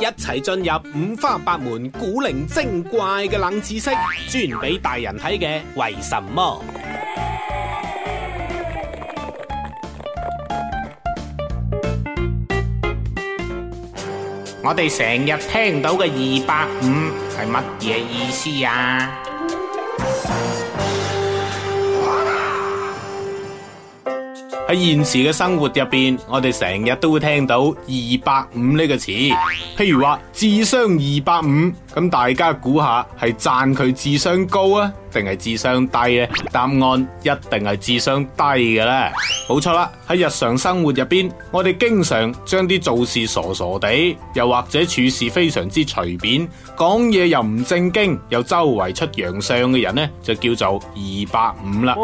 一齊進入五花八門古靈精怪嘅冷知識，專俾大人睇嘅，為什麼？我哋成日聽到嘅二百五係乜嘢意思啊？喺現時嘅生活入邊，我哋成日都會聽到二百五呢個詞，譬如話智商二百五。咁大家估下，係讚佢智商高啊，定係智商低咧、啊？答案一定係智商低嘅啦，冇錯啦。喺日常生活入邊，我哋經常將啲做事傻傻地，又或者處事非常之隨便，講嘢又唔正經，又周圍出洋相嘅人呢，就叫做二百五啦。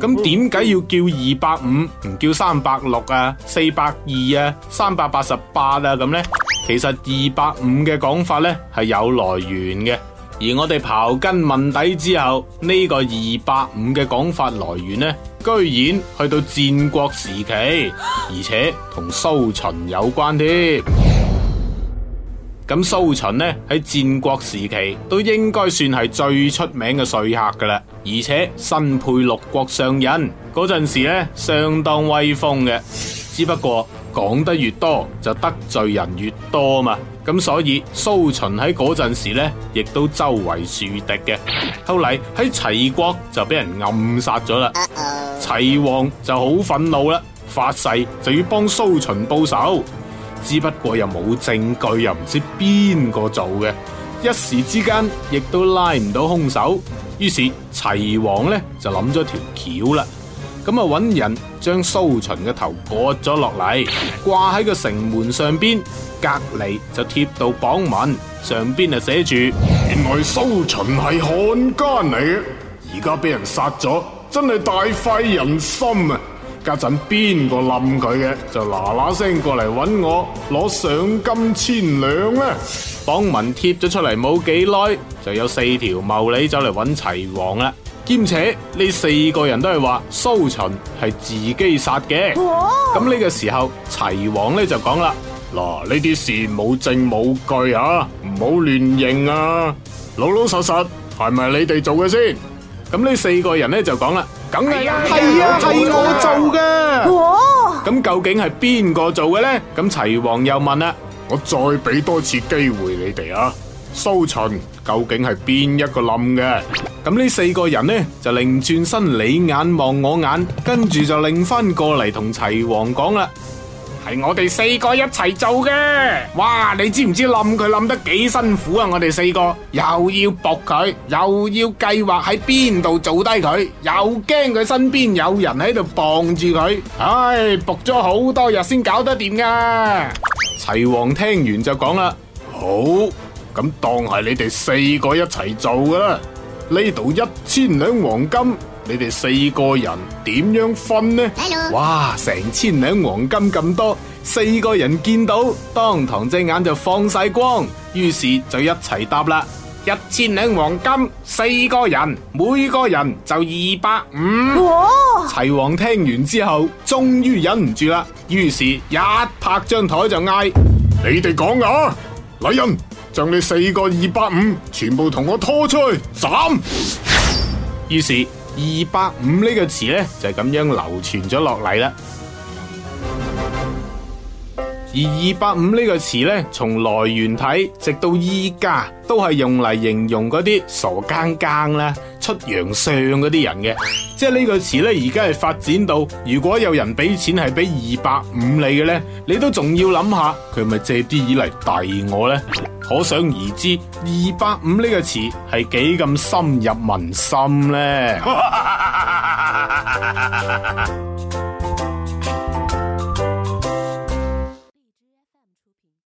咁點解要叫二百五，唔叫三百六啊、四百二啊、三百八十八啊咁呢？其實二百五嘅講法呢係有來源嘅，而我哋刨根問底之後，呢個二百五嘅講法來源呢，居然去到戰國時期，而且同蘇秦有關添。咁 蘇秦呢喺戰國時期都應該算係最出名嘅說客噶啦，而且身配六國上人嗰陣時呢，相當威風嘅，只不過。講得越多就得罪人越多嘛，咁所以蘇秦喺嗰陣時呢，亦都周圍樹敵嘅。後嚟喺齊國就俾人暗殺咗啦，齊、uh oh. 王就好憤怒啦，發誓就要幫蘇秦報仇。只不過又冇證據，又唔知邊個做嘅，一時之間亦都拉唔到兇手。於是齊王呢，就諗咗條橋啦。咁啊！揾人將蘇秦嘅頭割咗落嚟，掛喺個城門上邊，隔籬就貼到榜文，上邊就寫住：原來蘇秦係漢奸嚟嘅，而家俾人殺咗，真係大快人心啊！家陣邊個冧佢嘅，就嗱嗱聲過嚟揾我攞賞金千兩啦，啊！榜文貼咗出嚟冇幾耐，就有四條茂利走嚟揾齊王啦。兼且呢四個人都係話蘇秦係自己殺嘅，咁呢哇個時候齊王呢就講啦，嗱呢啲事冇證冇據啊，唔好亂認啊，老老實實係咪你哋做嘅先？咁呢四個人呢就講啦，梗係係啊係、啊、我做嘅，咁究竟係邊個做嘅呢？咁齊王又問啦，我再俾多次機會你哋啊，蘇秦究竟係邊一個冧嘅？咁呢四個人呢就擰轉身，你眼望我眼，跟住就擰翻過嚟同齊王講啦，係我哋四個一齊做嘅。哇，你知唔知冧佢冧得幾辛苦啊？我哋四個又要搏佢，又要計劃喺邊度做低佢，又驚佢身邊有人喺度傍住佢。唉，搏咗好多日先搞得掂噶。齊王聽完就講啦，好，咁當係你哋四個一齊做噶啦。呢度一千兩黃金，你哋四個人點樣分呢？Hello. 哇，成千兩黃金咁多，四個人見到當堂隻眼就放晒光，於是就一齊答啦：一千兩黃金，四個人，每個人就二百五。Oh. 齊王聽完之後，終於忍唔住啦，於是一拍張台就嗌： 你哋講啊，嚟人！將你四個二百五全部同我拖出去斬！於是二百五個詞呢個詞咧就係咁樣流傳咗落嚟啦。而二百五呢個詞呢，從來源睇，直到依家都係用嚟形容嗰啲傻更更咧、出洋相嗰啲人嘅。即係呢個詞呢，而家係發展到，如果有人俾錢係俾二百五你嘅呢，你都仲要諗下佢係咪借啲以嚟遞我呢？可想而知，二百五呢個詞係幾咁深入民心呢。